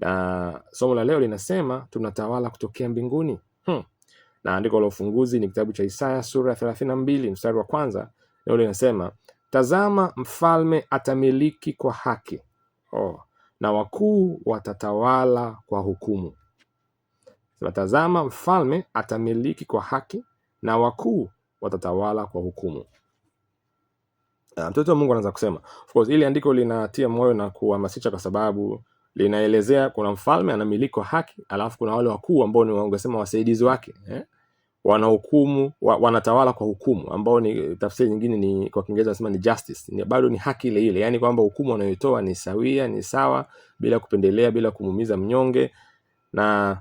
Na somo la leo linasema tunatawala kutokea mbinguni hmm. Na andiko la ufunguzi ni kitabu cha Isaya sura ya thelathini na mbili mstari wa kwanza. Leo linasema tazama, mfalme atamiliki kwa haki oh. na wakuu watatawala kwa hukumu. Sema tazama, mfalme atamiliki kwa haki na wakuu watatawala kwa hukumu. Ah, mtoto wa Mungu anaweza kusema of course, ili andiko linatia moyo na kuhamasisha kwa sababu linaelezea kuna mfalme anamiliki haki, alafu kuna wale wakuu ambao ni wangesema wasaidizi wake eh? hukumu wa, wanatawala kwa hukumu ambao ni tafsiri nyingine ni kwa Kiingereza nasema ni justice, ni bado ni haki ile ile, yani kwamba hukumu wanayotoa ni sawia, ni sawa, bila kupendelea, bila kumumiza mnyonge. Na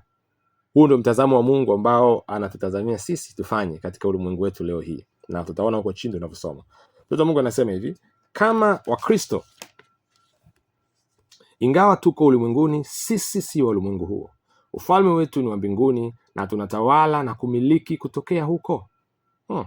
huu ndio mtazamo wa Mungu ambao anatutazamia sisi tufanye katika ulimwengu wetu leo hii, na tutaona huko chini tunavyosoma. Mtoto Mungu anasema hivi, kama Wakristo ingawa tuko ulimwenguni, sisi si wa ulimwengu huo. Ufalme wetu ni wa mbinguni, na tunatawala na kumiliki kutokea huko. Hmm,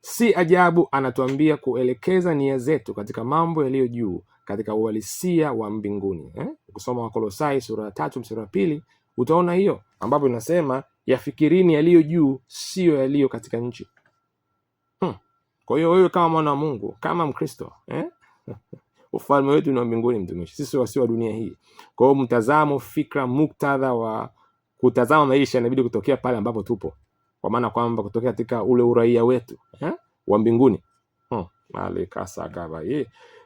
Si ajabu anatuambia kuelekeza nia zetu katika mambo yaliyo juu katika uhalisia wa mbinguni eh? Ukisoma Wakolosai sura ya tatu mstari wa pili utaona hiyo, ambapo inasema yafikirini yaliyo juu, siyo yaliyo katika nchi hmm. Kwa hiyo wewe kama mwana wa Mungu, kama Mkristo eh? ufalme wetu ni wa mbinguni, mtumishi, sisi wasio wa dunia hii. Kwa hiyo mtazamo, fikra, muktadha wa kutazama maisha inabidi kutokea pale ambapo tupo, kwa maana kwamba kutokea katika ule uraia wetu eh, wa mbinguni hmm.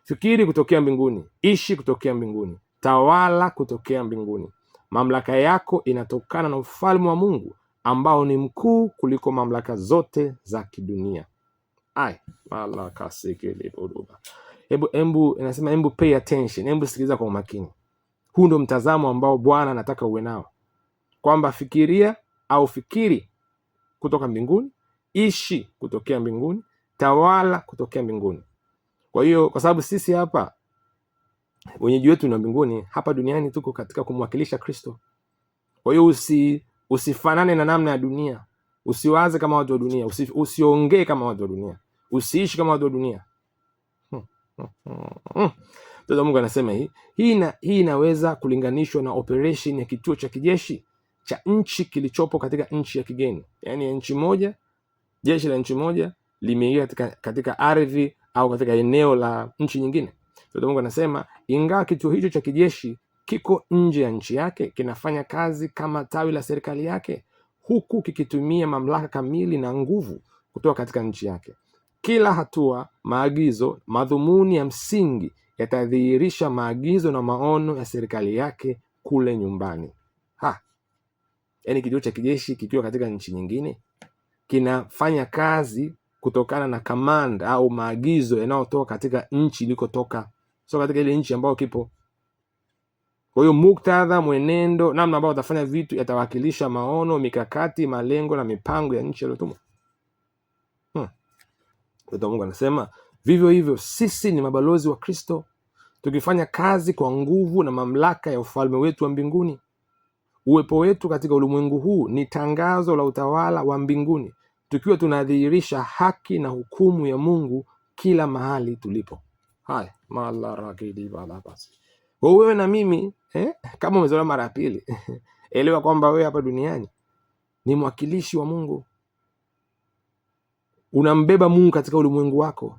Fikiri kutokea mbinguni, ishi kutokea mbinguni, tawala kutokea mbinguni. Mamlaka yako inatokana na ufalme wa Mungu ambao ni mkuu kuliko mamlaka zote za kidunia. Ay, hebu hebu inasema hebu pay attention, hebu sikiliza kwa umakini. Huu ndo mtazamo ambao Bwana anataka uwe nao, kwamba fikiria au fikiri kutoka mbinguni, ishi kutokea mbinguni, tawala kutokea mbinguni. Kwa hiyo kwa sababu sisi hapa wenyeji wetu ni wa mbinguni, hapa duniani tuko katika kumwakilisha Kristo. Kwa hiyo usi, usifanane na namna ya dunia, usiwaze kama watu wa dunia, usiongee usi kama watu wa dunia, usiishi kama watu wa dunia. Mtoto mm-hmm. Mungu anasema hii hii, na, hii inaweza kulinganishwa na operation ya kituo cha kijeshi cha nchi kilichopo katika nchi ya kigeni, yaani nchi moja, jeshi la nchi moja limeingia katika, katika ardhi au katika eneo la nchi nyingine. Mtoto Mungu anasema ingawa kituo hicho cha kijeshi kiko nje ya nchi yake, kinafanya kazi kama tawi la serikali yake, huku kikitumia mamlaka kamili na nguvu kutoka katika nchi yake. Kila hatua, maagizo, madhumuni ya msingi yatadhihirisha maagizo na maono ya serikali yake kule nyumbani. Ha, yaani kituo cha kijeshi kikiwa katika nchi nyingine kinafanya kazi kutokana na kamanda au maagizo yanayotoka katika nchi ilikotoka, so katika ile nchi ambayo kipo. Kwa hiyo muktadha, mwenendo, namna ambayo watafanya vitu yatawakilisha maono, mikakati, malengo na mipango ya nchi yaliyotumwa. Mtoto wa Mungu anasema vivyo hivyo sisi ni mabalozi wa Kristo tukifanya kazi kwa nguvu na mamlaka ya ufalme wetu wa mbinguni. Uwepo wetu katika ulimwengu huu ni tangazo la utawala wa mbinguni, tukiwa tunadhihirisha haki na hukumu ya Mungu kila mahali tulipo. Haya, wewe na mimi eh, kama umezoea mara ya pili elewa kwamba wewe hapa duniani ni mwakilishi wa Mungu unambeba Mungu katika ulimwengu wako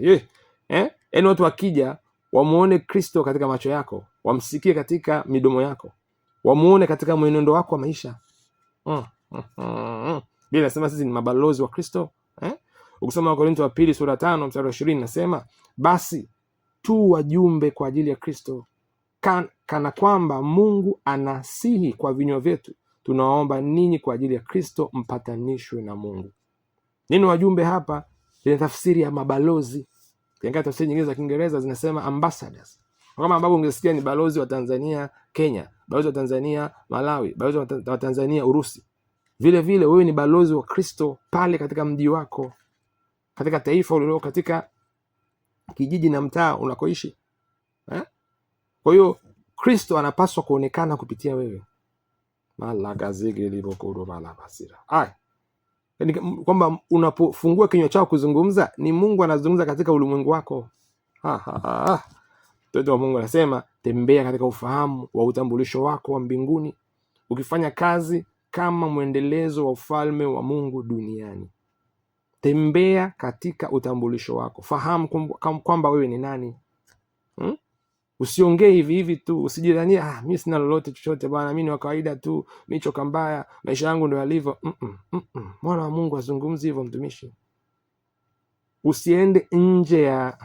ye eh? Yaani watu wakija wamwone Kristo katika macho yako, wamsikie katika midomo yako, wamwone katika mwenendo wako wa maisha mm, mm, mm, mm. Biblia inasema sisi ni mabalozi wa Kristo eh? Ukisoma Wakorintho wa pili sura tano mstari wa ishirini nasema basi tu wajumbe kwa ajili ya Kristo kan, kana kwamba Mungu anasihi kwa vinywa vyetu tunawaomba ninyi kwa ajili ya Kristo mpatanishwe na Mungu. Neno wajumbe hapa lina tafsiri ya mabalozi. Ukiangalia tafsiri nyingine za Kiingereza zinasema ambassadors, kama ambavyo ungesikia ni balozi wa Tanzania Kenya, balozi wa Tanzania Malawi, balozi wa Tanzania Urusi. Vile vile wewe ni balozi wa Kristo pale katika mji wako, katika taifa ulilo, katika kijiji na mtaa unakoishi eh? Kwa hiyo Kristo anapaswa kuonekana kupitia wewe. Aya, yani, kwamba unapofungua kinywa chako kuzungumza ni Mungu anazungumza katika ulimwengu wako. Ha, ha, ha. Mtoto wa Mungu anasema tembea katika ufahamu wa utambulisho wako wa mbinguni, ukifanya kazi kama mwendelezo wa ufalme wa Mungu duniani. Tembea katika utambulisho wako, fahamu kwamba wewe ni nani. Usiongee hivi hivi tu, usijidhanie ah, mi sina lolote chochote bwana, mi ni wa kawaida tu, mi choka mbaya, maisha yangu ndo yalivyo. mm -mm, mm -mm. Mwana wa Mungu azungumzi hivyo, mtumishi. Usiende nje ya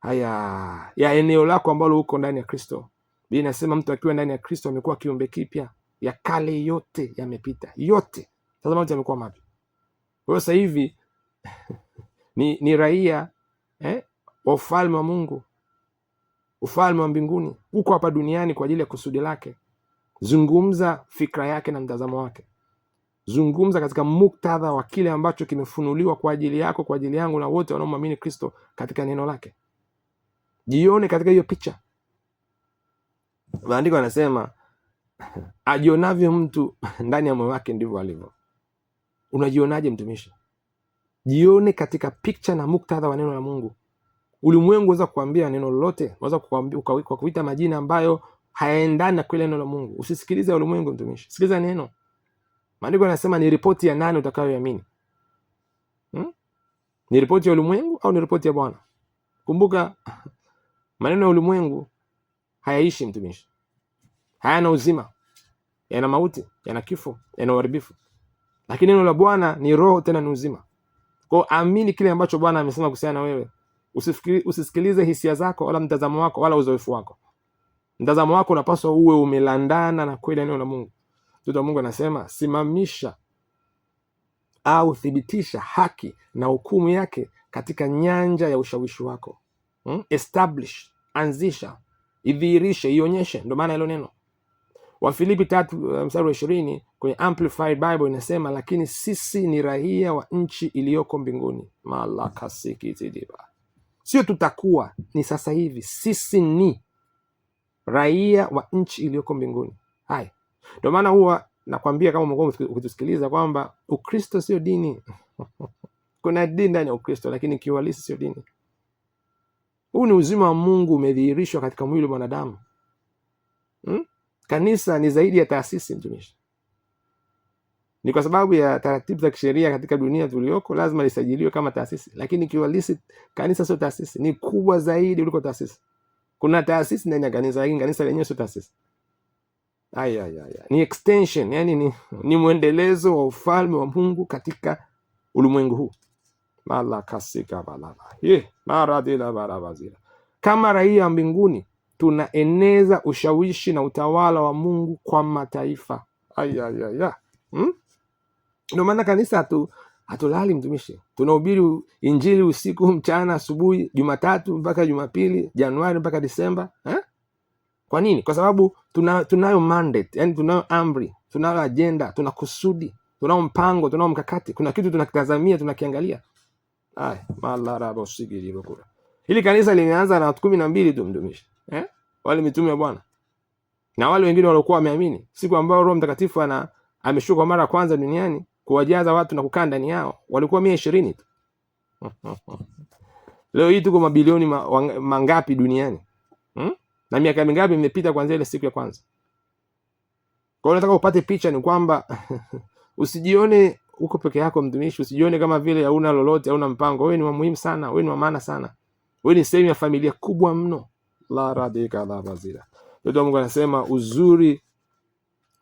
haya ya eneo lako ambalo uko ndani ya Kristo. Biblia inasema mtu akiwa ndani ya Kristo amekuwa kiumbe kipya, ya kale yote yamepita, yote sasa mtu yamekuwa mapya. Kwa hiyo sasa hivi ni, ni raia eh, wa ufalme wa Mungu ufalme wa mbinguni huko hapa duniani kwa ajili ya kusudi lake. Zungumza fikra yake na mtazamo wake, zungumza katika muktadha wa kile ambacho kimefunuliwa kwa ajili yako, kwa ajili yangu na wote wanaomwamini Kristo katika neno lake. Jione katika hiyo picha. Maandiko anasema ajionavyo mtu ndani ya moyo wake ndivyo alivyo. Unajionaje mtumishi? Jione katika picha na muktadha wa neno la Mungu. Ulimwengu unaweza kukwambia neno lolote, unaweza kuita majina ambayo hayaendani na kile neno la Mungu. Usisikilize ulimwengu, mtumishi, sikiliza neno. Maandiko yanasema ni ripoti ya nani utakayoamini? Hmm? Ni ripoti ya ulimwengu au ni ripoti ya Bwana? Kumbuka maneno ya ulimwengu hayaishi, mtumishi, hayana uzima, yana mauti, yana kifo, yana uharibifu, lakini neno la Bwana ni roho, tena ni uzima. Kwao amini kile ambacho Bwana amesema kuhusiana na wewe usisikilize hisia zako wala mtazamo wako wala uzoefu wako. Mtazamo wako unapaswa uwe umelandana na kweli ya neno la Mungu. Mtoto wa Mungu anasema simamisha au thibitisha haki na hukumu yake katika nyanja ya ushawishi wako. Hmm? Establish, anzisha, idhihirishe, ionyeshe. Ndio maana hilo neno Wafilipi tatu uh, mstari wa ishirini kwenye Amplified Bible inasema, lakini sisi ni raia wa nchi iliyoko mbinguni malakasikizidiba sio tutakuwa, ni sasa hivi. Sisi ni raia wa nchi iliyoko mbinguni. Haya, ndio maana huwa nakwambia, kama umekuwa ukitusikiliza kwamba Ukristo sio dini kuna dini ndani ya Ukristo, lakini kiuhalisi sio dini. Huu ni uzima wa Mungu umedhihirishwa katika mwili wa mwanadamu hmm? Kanisa ni zaidi ya taasisi mtumishi. Ni kwa sababu ya taratibu za kisheria katika dunia tulioko, lazima lisajiliwe kama taasisi, lakini kiuhalisi kanisa sio taasisi, ni kubwa zaidi kuliko taasisi. Kuna taasisi ndani ya kanisa, lakini kanisa lenyewe sio taasisi. Ay, ay, ay, ay. Ni extension, yani ni, ni mwendelezo wa ufalme wa Mungu katika ulimwengu huu malakasikaaradilaarazira kama raia wa mbinguni tunaeneza ushawishi na utawala wa Mungu kwa mataifa. ay, ay, ay, ay. Hmm? Ndio maana kanisa hatu hatulali mtumishi, tunahubiri injili usiku, mchana, asubuhi, Jumatatu mpaka Jumapili, Januari mpaka Disemba eh? Kwa nini? Kwa sababu tuna, tunayo mandate, yani tunayo amri, tunayo ajenda, tuna kusudi, tunao mpango, tunao mkakati, kuna kitu tunakitazamia, tunakiangalia. Ay, hili kanisa lilianza na watu kumi na mbili tu mtumishi eh? wale mitume wa Bwana na wale wengine waliokuwa wameamini siku ambayo Roho Mtakatifu ana ameshuka mara ya kwanza duniani kuwajaza watu na kukaa ndani yao, walikuwa mia ishirini tu. Leo hii tuko mabilioni mangapi duniani hmm? na miaka mingapi imepita kwanzia ile siku ya kwanza? Kwa hiyo nataka upate picha ni kwamba usijione uko peke yako, mtumishi, usijione kama vile hauna lolote, hauna mpango. Wewe ni wa muhimu sana, wewe ni wa maana sana, wewe ni sehemu ya familia kubwa mno. la radika la bazira. Mungu anasema uzuri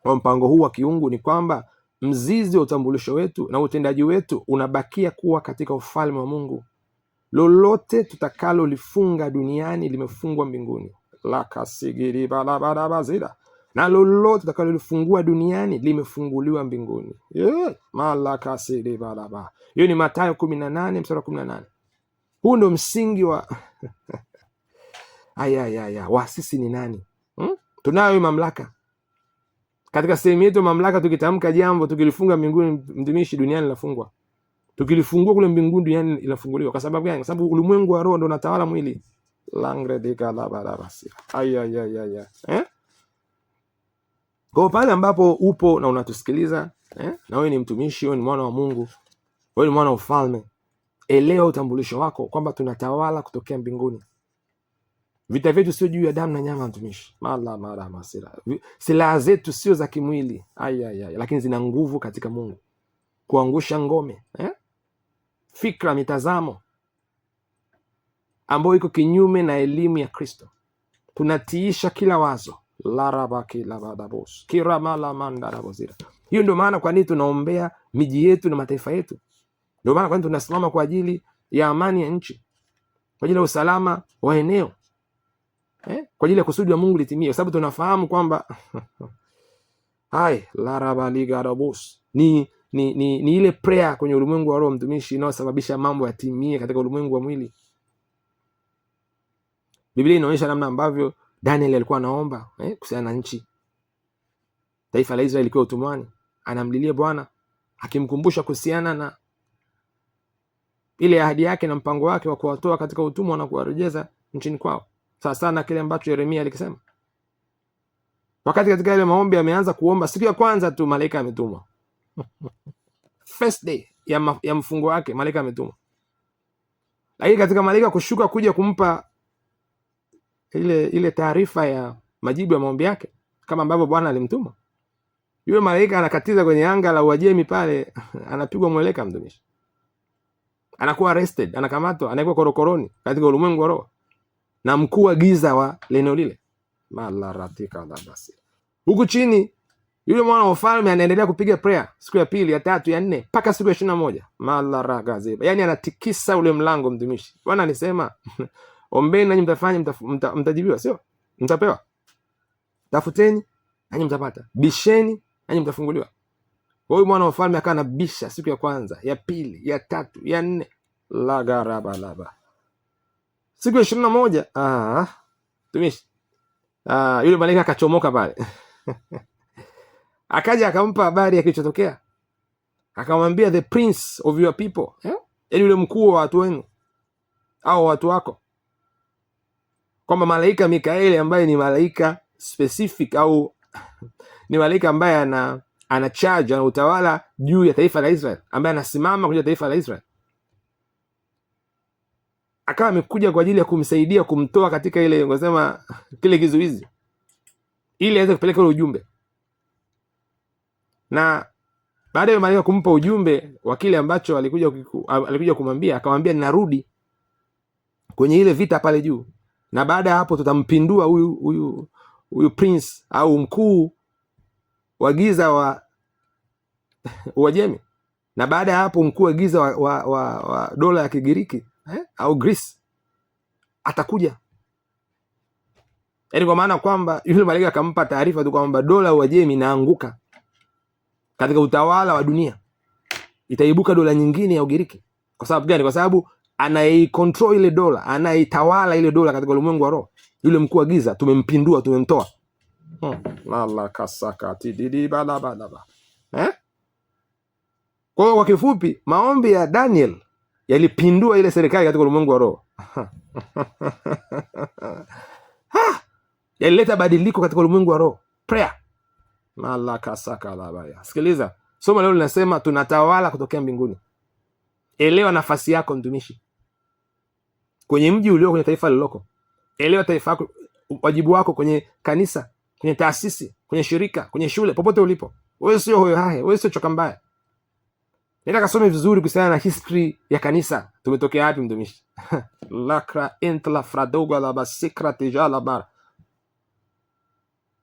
wa mpango huu wa kiungu ni kwamba mzizi wa utambulisho wetu na utendaji wetu unabakia kuwa katika ufalme wa Mungu. Lolote tutakalolifunga duniani limefungwa mbinguni lakasigiribarabazira na lolote tutakalolifungua duniani limefunguliwa mbinguni eh, malakasiribaraba hiyo ni Mathayo kumi na nane mstari wa kumi na nane. Huu ndo msingi wa ayayaya waasisi ni nani hmm? tunayo mamlaka katika sehemu yetu mamlaka, tukitamka jambo tukilifunga mbinguni, mtumishi duniani linafungwa. Tukilifungua kule mbinguni, duniani inafunguliwa. Kwa sababu gani? Kwa sababu ulimwengu wa roho ndo unatawala mwili. Eh? Kwa pale ambapo upo na unatusikiliza eh? Na wewe ni mtumishi, wewe ni mwana wa Mungu, wewe ni mwana wa ufalme, elewa utambulisho wako kwamba tunatawala kutokea mbinguni. Vita vyetu sio juu ya damu na nyama, mtumishi. mala mara masira, silaha zetu sio za kimwili ayayay, lakini zina nguvu katika Mungu kuangusha ngome eh? fikra, mitazamo ambayo iko kinyume na elimu ya Kristo. Tunatiisha kila wazo larabakilabadabos Hiyo ndio maana kwa nini tunaombea miji yetu na mataifa yetu. Ndio maana kwa nini tunasimama kwa ajili ya amani ya nchi, kwa ajili ya usalama wa eneo eh, kwa ajili ya kusudi la Mungu litimie, kwa sababu tunafahamu kwamba hai larabaligarabus ni, ni, ni, ni ile prayer kwenye ulimwengu wa roho mtumishi inayosababisha mambo yatimie katika ulimwengu wa mwili. Biblia inaonyesha namna ambavyo Daniel alikuwa anaomba eh, kuhusiana na nchi, taifa la Israeli likiwa utumwani, anamlilia Bwana akimkumbusha kuhusiana na ile ahadi yake na mpango wake wa kuwatoa katika utumwa na kuwarejeza nchini kwao sawasawa na kile ambacho Yeremia alikisema. Wakati katika ile maombi ameanza kuomba siku ya kwanza tu malaika ametumwa first day ya, ma, ya mfungo wake malaika ametumwa, lakini katika malaika kushuka kuja kumpa ile ile taarifa ya majibu ya maombi yake kama ambavyo Bwana alimtuma yule malaika, anakatiza kwenye anga la Uajemi pale, anapigwa mweleka, mtumishi anakuwa arrested, anakamatwa, anaekwa korokoroni katika ulimwengu wa roho na mkuu wa giza wa leneo lile huku chini yule mwana wa ufalme anaendelea kupiga prayer siku ya pili ya tatu ya nne mpaka siku ya ishirini na moja malaragaziba yaani anatikisa ule mlango mtumishi bwana alisema ombeni nanyi mtafanya mtajibiwa sio mtapewa tafuteni nanyi mtapata bisheni nanyi mtafunguliwa huyu mwana wa ufalme akawa na bisha siku ya kwanza ya pili ya tatu ya nne lagarabalaba siku ya ishirini na moja ah, tumishi ah, yule malaika akachomoka pale akaja akampa habari ya kilichotokea, akamwambia the prince of your people, eh? yaani eh? yule mkuu wa watu wenu au watu wako, kwamba malaika Mikaeli ambaye ni malaika specific au ni malaika ambaye ana ana charge ana utawala juu ya taifa la Israel, ambaye anasimama kwa taifa la Israel akawa amekuja kwa ajili ya kumsaidia kumtoa katika ile unasema kile kizuizi, ili aweze kupeleka ule ujumbe. Na baada ya Maria kumpa ujumbe wa kile ambacho alikuja alikuja kumwambia, akamwambia ninarudi kwenye ile vita pale juu, na baada ya hapo tutampindua huyu huyu huyu prince au mkuu wa giza wa Uajemi, na baada ya hapo mkuu wa giza wa, wa, wa, wa dola ya Kigiriki eh, au Greece atakuja. Yaani kwa maana kwamba yule malaika akampa taarifa tu kwamba dola Uajemi inaanguka katika utawala wa dunia, itaibuka dola nyingine ya Ugiriki. Kwa sababu gani? Kwa sababu anayeikontrol ile dola, anayeitawala ile dola katika ulimwengu wa roho, yule mkuu wa giza tumempindua, tumemtoa. Hmm. Eh? Kwa hiyo kwa kifupi, maombi ya Daniel yalipindua ile serikali katika ulimwengu wa roho yalileta badiliko katika ulimwengu wa roho prayer malakasakalabaya. Sikiliza, somo leo linasema tunatawala kutokea mbinguni. Elewa nafasi yako mtumishi kwenye mji ulio kwenye taifa liloko Elewa taifa yako, wajibu wako kwenye kanisa, kwenye taasisi, kwenye shirika, kwenye shule, popote ulipo. Wewe sio hoyohahe, wewe sio choka mbaya. Nenda kasome vizuri kuhusiana na history ya kanisa. Tumetokea wapi mtumishi? lakra entla fradoga la basikra teja la bar.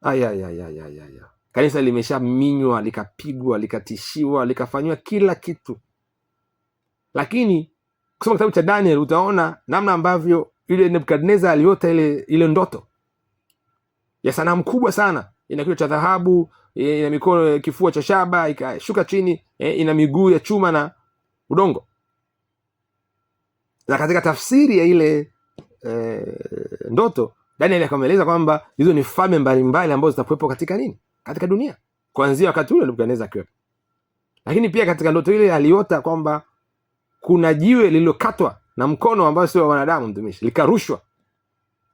Aya ya ya ya ya ya. Kanisa limeshaminywa, likapigwa, likatishiwa, likafanywa kila kitu. Lakini kusoma kitabu cha Daniel utaona namna ambavyo yule Nebukadnezar aliota ile ile ndoto ya sanamu kubwa sana ina kichwa cha dhahabu, ina mikono, ya eh, kifua cha shaba, ikashuka chini, eh, ina miguu ya chuma na udongo. Na katika tafsiri ya ile e, ndoto Daniel akamweleza kwamba hizo ni falme mbalimbali ambazo zitakuwepo katika nini, katika dunia kuanzia wakati ule alipokandamiza akiwepo. Lakini pia katika ndoto ile aliota kwamba kuna jiwe lililokatwa na mkono ambao sio wa wanadamu, mtumishi, likarushwa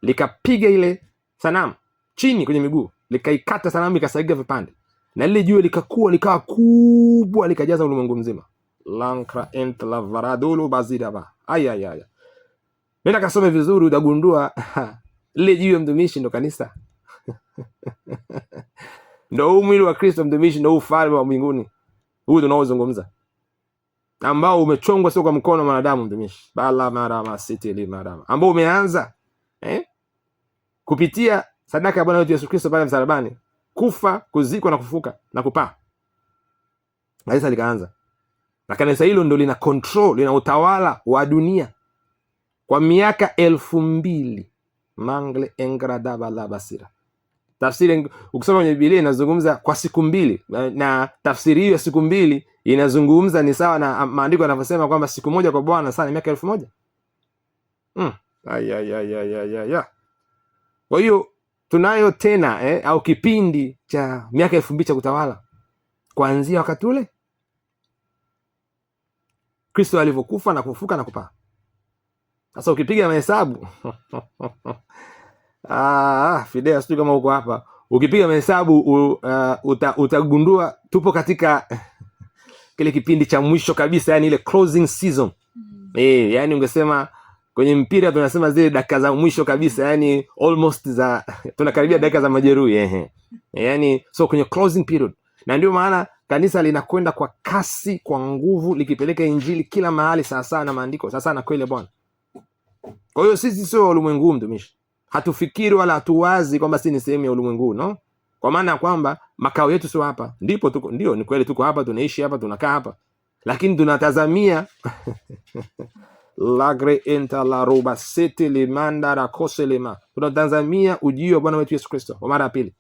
likapiga ile sanamu chini kwenye miguu likaikata sanamu ikasaiga vipande, na lile jiwe likakua likawa kubwa likajaza ulimwengu mzima. lankra ent varadulu bazidaba ayayaya, aya aya, nenda kasome vizuri, utagundua lile jiwe mtumishi ndo kanisa ndo huu mwili wa Kristo mtumishi, ndo huu ufalme wa mbinguni huu tunaozungumza ambao umechongwa sio kwa mkono mwanadamu mtumishi, bala marama sitili marama ambao umeanza eh, kupitia sadaka ya Bwana wetu Yesu Kristo pale msalabani, kufa, kuzikwa na kufuka na kupaa. Kanisa likaanza, na kanisa hilo ndo lina control, lina utawala wa dunia kwa miaka elfu mbili mangle engradabalabasira tafsiri ukisoma kwenye bibilia inazungumza kwa siku mbili, na tafsiri hiyo ya siku mbili inazungumza ni sawa na ah, maandiko yanavyosema kwamba siku moja kwa Bwana sana miaka elfu moja. Hmm. Kwa hiyo tunayo tena eh, au kipindi cha miaka elfu mbili cha kutawala kuanzia wakati ule Kristo alivyokufa na kufufuka na kupaa. Sasa ukipiga mahesabu ah, Fidea, sijui kama uko hapa, ukipiga mahesabu uh, uta, utagundua tupo katika kile kipindi cha mwisho kabisa, yani ile closing season mm -hmm. E, yani ungesema kwenye mpira tunasema zile dakika za mwisho kabisa, yani almost za tunakaribia dakika za majeruhi ehe, yani so kwenye closing period, na ndio maana kanisa linakwenda kwa kasi, kwa nguvu, likipeleka injili kila mahali, sawasawa na maandiko, sawasawa na kweli Bwana. Kwa hiyo sisi sio ulimwengu, mtumishi, hatufikiri wala hatuwazi kwamba si ni sehemu ya ulimwengu no, kwa maana ya kwamba makao yetu sio hapa. Ndipo tuko ndio, ni kweli, tuko hapa, tunaishi hapa, tunakaa hapa, lakini tunatazamia lagre enta la roba sete le manda la kose limanda rakoselema. Tunatazamia ujio wa Bwana wetu Yesu Kristo kwa mara ya pili.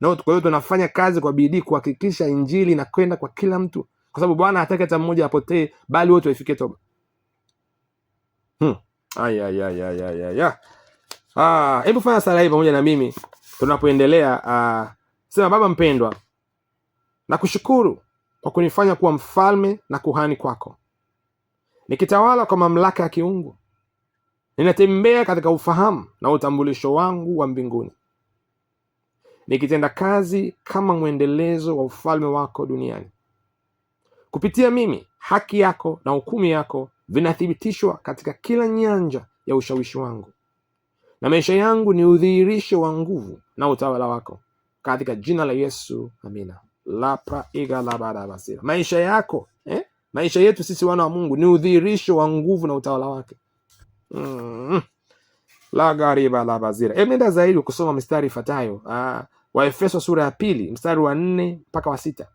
No, kwa hiyo tunafanya kazi kwa bidii kuhakikisha injili inakwenda kwa kila mtu, kwa sababu Bwana hataki hata mmoja apotee, bali wote waifikie toba. Hmm. Ah, Hebu fanya sala hii pamoja na mimi tunapoendelea. Ah, sema: Baba mpendwa, nakushukuru kwa kunifanya kuwa mfalme na kuhani kwako nikitawala kwa mamlaka ya kiungu, ninatembea katika ufahamu na utambulisho wangu wa mbinguni, nikitenda kazi kama mwendelezo wa ufalme wako duniani. Kupitia mimi, haki yako na hukumu yako vinathibitishwa katika kila nyanja ya ushawishi wangu, na maisha yangu ni udhihirisho wa nguvu na utawala wako, katika jina la Yesu, amina. lapa iga maisha yako eh? Maisha yetu sisi wana wa Mungu ni udhihirisho wa nguvu na utawala wake. Mm. La gariba la bazira. Emenda zaidi kusoma mistari ifuatayo. Ah, Waefeso sura ya pili mstari wa nne mpaka wa sita.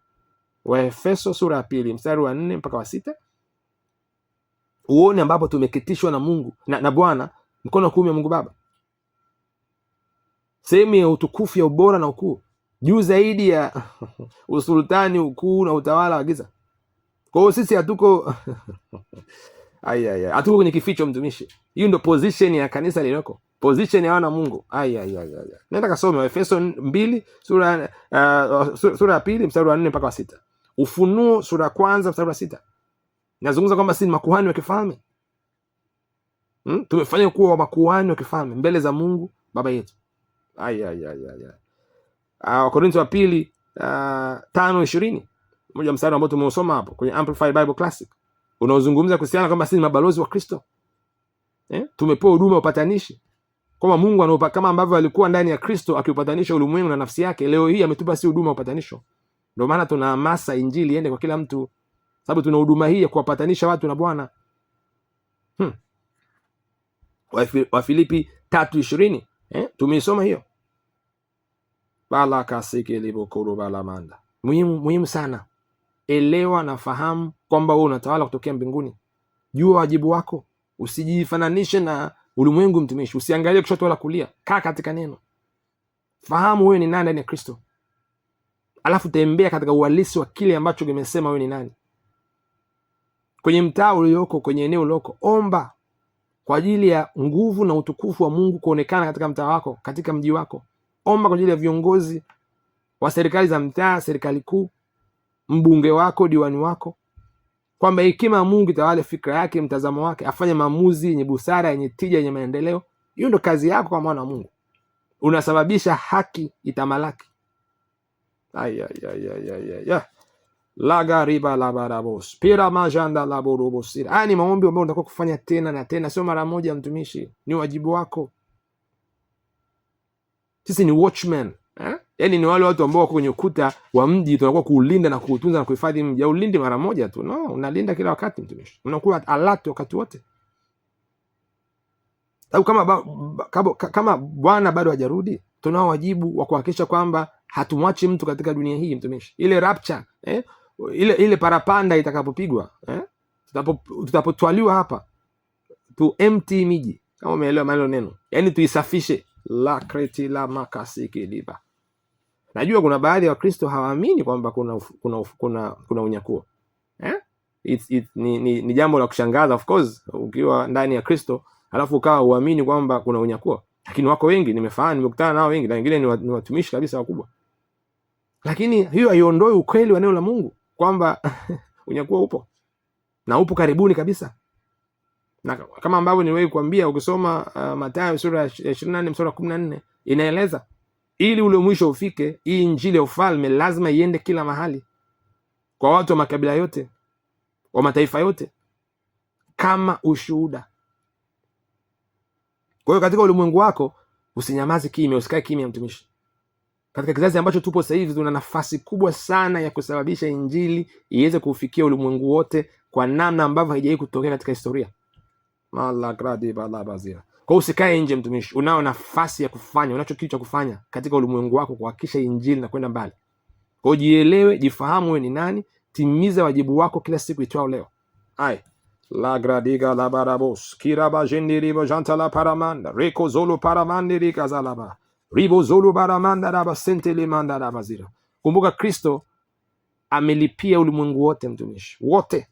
Waefeso sura ya pili mstari wa nne mpaka wa sita. Uone ambapo tumekitishwa na Mungu na, na Bwana mkono wa kuume wa Mungu Baba, sehemu ya utukufu ya ubora na ukuu juu zaidi ya usultani ukuu na utawala wa giza. Kwa hiyo sisi hatuko ai hatuko kwenye kificho mtumishi. Hiyo ndio position ya kanisa lililoko, position ya wana Mungu. Ai ai ai, nenda kasome Waefeso mbili sura uh, sura ya pili mstari wa nne mpaka wa sita Ufunuo sura ya kwanza mstari wa sita Nazungumza kwamba si makuhani wa kifalme hmm? Tumefanya kuwa wa makuhani wa kifalme mbele za Mungu baba yetu. Ai ai ai ai, ah, Wakorintho wa pili uh, tano ishirini moja mstari ambao tumeusoma hapo kwenye Amplified Bible Classic unaozungumza kuhusiana kwamba sisi ni mabalozi wa Kristo eh? tumepewa huduma ya upatanishi kwamba Mungu anaupa kama ambavyo alikuwa ndani ya Kristo akiupatanisha ulimwengu na nafsi yake, leo hii ametupa si huduma ya upatanisho. Ndio maana tuna hamasa injili iende kwa kila mtu, sababu tuna huduma hii ya kuwapatanisha watu na Bwana hmm. Wafilipi tatu ishirini eh? tumeisoma hiyo bala kasiki libokuru bala manda, muhimu muhimu sana elewa na fahamu kwamba wewe unatawala kutokea mbinguni. Jua wajibu wako, usijifananishe na ulimwengu. Mtumishi, usiangalie kushoto wala kulia, kaa katika neno, fahamu wewe ni nani ndani ya Kristo, alafu tembea katika uhalisi wa kile ambacho kimesema wewe ni nani. Kwenye mtaa ulioko, kwenye eneo ulioko, omba kwa ajili ya nguvu na utukufu wa Mungu kuonekana katika mtaa wako, katika mji wako. Omba kwa ajili ya viongozi wa serikali za mtaa, serikali kuu mbunge wako, diwani wako, kwamba hekima ya Mungu itawale fikra yake, mtazamo wake, afanye maamuzi yenye busara, yenye tija, yenye maendeleo. Hiyo ndo kazi yako kwa mwana wa Mungu. Unasababisha haki itamalaki. la la majanda Haya ni maombi ambayo unatakiwa kufanya tena na tena, sio mara moja. Mtumishi, ni wajibu wako. Sisi ni watchman eh? yani ni wale watu ambao wako kwenye ukuta wa mji, tunakuwa kuulinda na kuutunza na kuhifadhi mji. Haulindi mara moja tu, no, unalinda kila wakati, mtumishi, unakuwa alert wakati wote, Au kama ba, kama, kama Bwana bado hajarudi, tunao wajibu wa kuhakikisha kwamba hatumwachi mtu katika dunia hii, mtumishi. Ile rapture eh? ile ile parapanda itakapopigwa eh? tutapotwaliwa hapa, tu empty miji, kama umeelewa maneno neno, yani tuisafishe la kreti la makasi kidiba Najua kuna baadhi ya Wakristo hawaamini kwamba kuna, kuna, kuna, kuna unyakuo eh? it's, it's, ni, ni, ni jambo la kushangaza of course ukiwa ndani ya Kristo alafu ukawa uamini kwamba kuna unyakuo, lakini wako wengi nimefahamu, nimekutana nao wengi, na wengine ni watumishi kabisa wakubwa, lakini hiyo haiondoi ukweli wa neno la Mungu kwamba unyakuo upo na upo karibuni kabisa, na kama ambavyo niliwahi kuambia ukisoma uh, Mathayo sura ya ishirini na nne mstari wa kumi na nne inaeleza ili ule mwisho ufike, hii injili ya ufalme lazima iende kila mahali, kwa watu wa makabila yote, wa mataifa yote, kama ushuhuda. Kwa hiyo katika ulimwengu wako usinyamaze kimya, usikae kimya, mtumishi. Katika kizazi ambacho tupo sasa hivi, tuna nafasi kubwa sana ya kusababisha injili iweze kufikia ulimwengu wote kwa namna ambavyo haijawahi kutokea katika historia. Kwa usikae nje, mtumishi, unao nafasi ya kufanya, unacho kitu cha kufanya katika ulimwengu wako kuhakikisha injili nakwenda mbali. Kwa jielewe, jifahamu wewe ni nani, timiza wajibu wako kila siku itwao leo. Ai la la gradiga barabos lagradiga labarabos la paramanda reko zolo zolo paramanda paramanda rika ribo sente le manda baramandadaba sentelemandarabazira. Kumbuka Kristo amelipia ulimwengu wote, mtumishi, wote. Yeye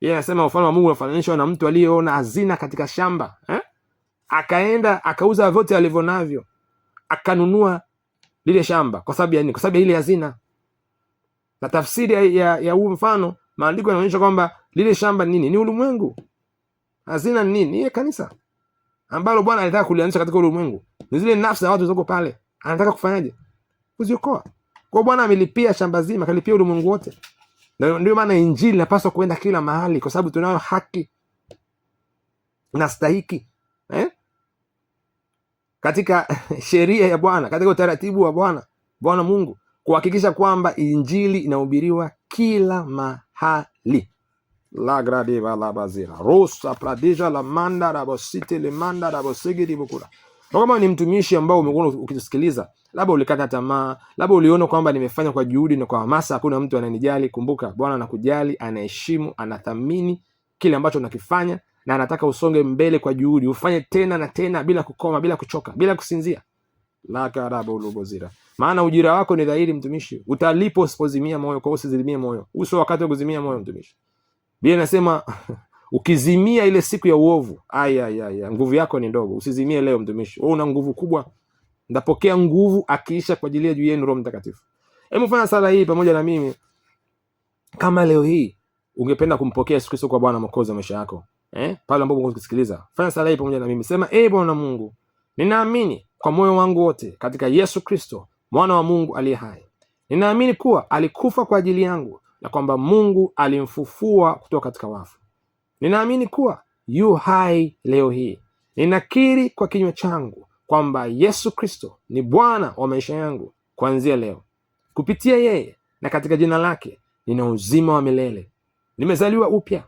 yeah, anasema ufalme wa Mungu unafananishwa na mtu aliyeona hazina katika shamba eh? akaenda akauza vyote alivyo navyo akanunua lile shamba. Kwa sababu ya nini? Kwa sababu ya ile hazina. Na tafsiri ya ya huu mfano, maandiko yanaonyesha kwamba lile shamba nini? Ni ulimwengu. Hazina nini? Ni kanisa ambalo Bwana alitaka kulianisha katika ulimwengu, ni zile nafsi za watu zilizoko pale. Anataka kufanyaje? Kuziokoa. Kwa Bwana amelipia shamba zima, kalipia ulimwengu wote. Ndio maana injili inapaswa kwenda kila mahali, kwa sababu tunayo haki na stahiki katika sheria ya Bwana, katika utaratibu wa Bwana Bwana Mungu kuhakikisha kwamba injili inahubiriwa kila mahali la gradiva la bazira rusa pradija la manda le manda bukura. kama ni mtumishi ambao umekuwa ukisikiliza, labda ulikata tamaa, labda uliona kwamba nimefanya kwa juhudi na kwa hamasa, hakuna mtu ananijali. Kumbuka Bwana anakujali, anaheshimu, anathamini kile ambacho unakifanya na anataka usonge mbele kwa juhudi, ufanye tena na tena bila kukoma, bila kuchoka, bila kusinzia. lakarabulugozira maana ujira wako ni dhahiri mtumishi, utalipo usipozimia moyo. Kwa hiyo usizimie moyo, uso wakati wa kuzimia moyo mtumishi. Biblia inasema ukizimia ile siku ya uovu, ayayaya, nguvu yako ni ndogo. Usizimie leo mtumishi, wewe una nguvu kubwa. Ndapokea nguvu akiisha kwa ajili ya juu yenu Roho Mtakatifu. Hebu fanya sala hii pamoja na mimi, kama leo hii ungependa kumpokea Yesu Kristo kwa Bwana Mwokozi wa maisha yako eh, pale ambapo kusikiliza, fanya sala hii pamoja na mimi. Sema, e Bwana Mungu, ninaamini kwa moyo wangu wote katika Yesu Kristo mwana wa Mungu aliye hai. Ninaamini kuwa alikufa kwa ajili yangu na kwamba Mungu alimfufua kutoka katika wafu. Ninaamini kuwa yu hai leo hii. Ninakiri kwa kinywa changu kwamba Yesu Kristo ni Bwana wa maisha yangu kuanzia leo. Kupitia yeye na katika jina lake nina uzima wa milele, nimezaliwa upya.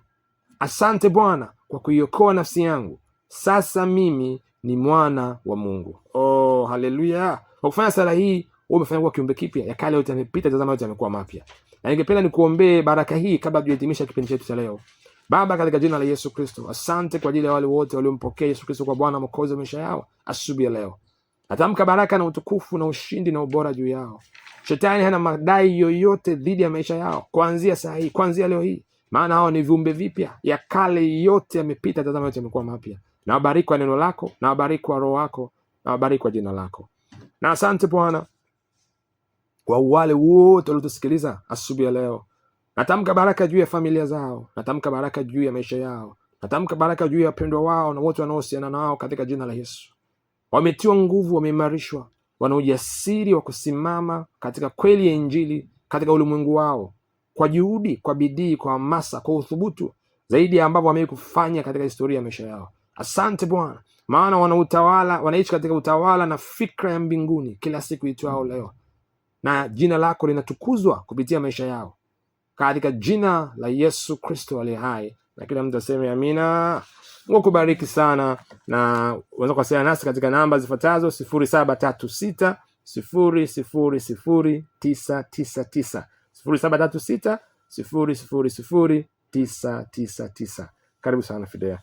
Asante Bwana kwa kuiokoa nafsi yangu, sasa mimi ni mwana wa Mungu. Oh, haleluya! Kwa kufanya sala hii wewe umefanya kuwa kiumbe kipya, ya kale yote yamepita, tazama yote yamekuwa mapya. Na ningependa nikuombee baraka hii kabla tujahitimisha kipindi chetu cha leo. Baba, katika jina la Yesu Kristo, asante kwa ajili ya wale wote waliompokea Yesu Kristo kwa Bwana Mwokozi wa maisha yao. Asubuhi ya leo natamka baraka na utukufu na ushindi na ubora juu yao. Shetani hana madai yoyote dhidi ya maisha yao, kuanzia saa hii, kuanzia leo hii maana hao ni viumbe vipya, ya kale yote yamepita, tazama yote yamekuwa mapya. Nawabariki kwa neno lako, nawabariki kwa roho wako, nawabariki kwa jina lako, na asante Bwana kwa wale wote waliotusikiliza asubuhi ya leo. Natamka baraka juu ya familia zao, natamka baraka juu ya maisha yao, natamka baraka juu ya wapendwa wao na wote wanaohusiana nao, katika jina la Yesu. Wametiwa nguvu, wameimarishwa, wana ujasiri wa kusimama katika kweli ya Injili katika ulimwengu wao kwa juhudi, kwa bidii, kwa hamasa, kwa uthubutu zaidi ya ambavyo wamewahi kufanya katika historia ya maisha yao. Asante Bwana, maana wanautawala, wanaishi katika utawala na fikra ya mbinguni kila siku itwao leo, na jina lako linatukuzwa kupitia maisha yao, katika jina la Yesu Kristo aliye hai, na kila mtu aseme amina. Mungu akubariki sana, na unaweza kuwasiliana nasi katika namba zifuatazo: sifuri saba tatu sita sifuri sifuri sifuri tisa tisa tisa sifuri saba tatu sita sifuri sifuri sifuri tisa tisa tisa. Karibu sana Fidea.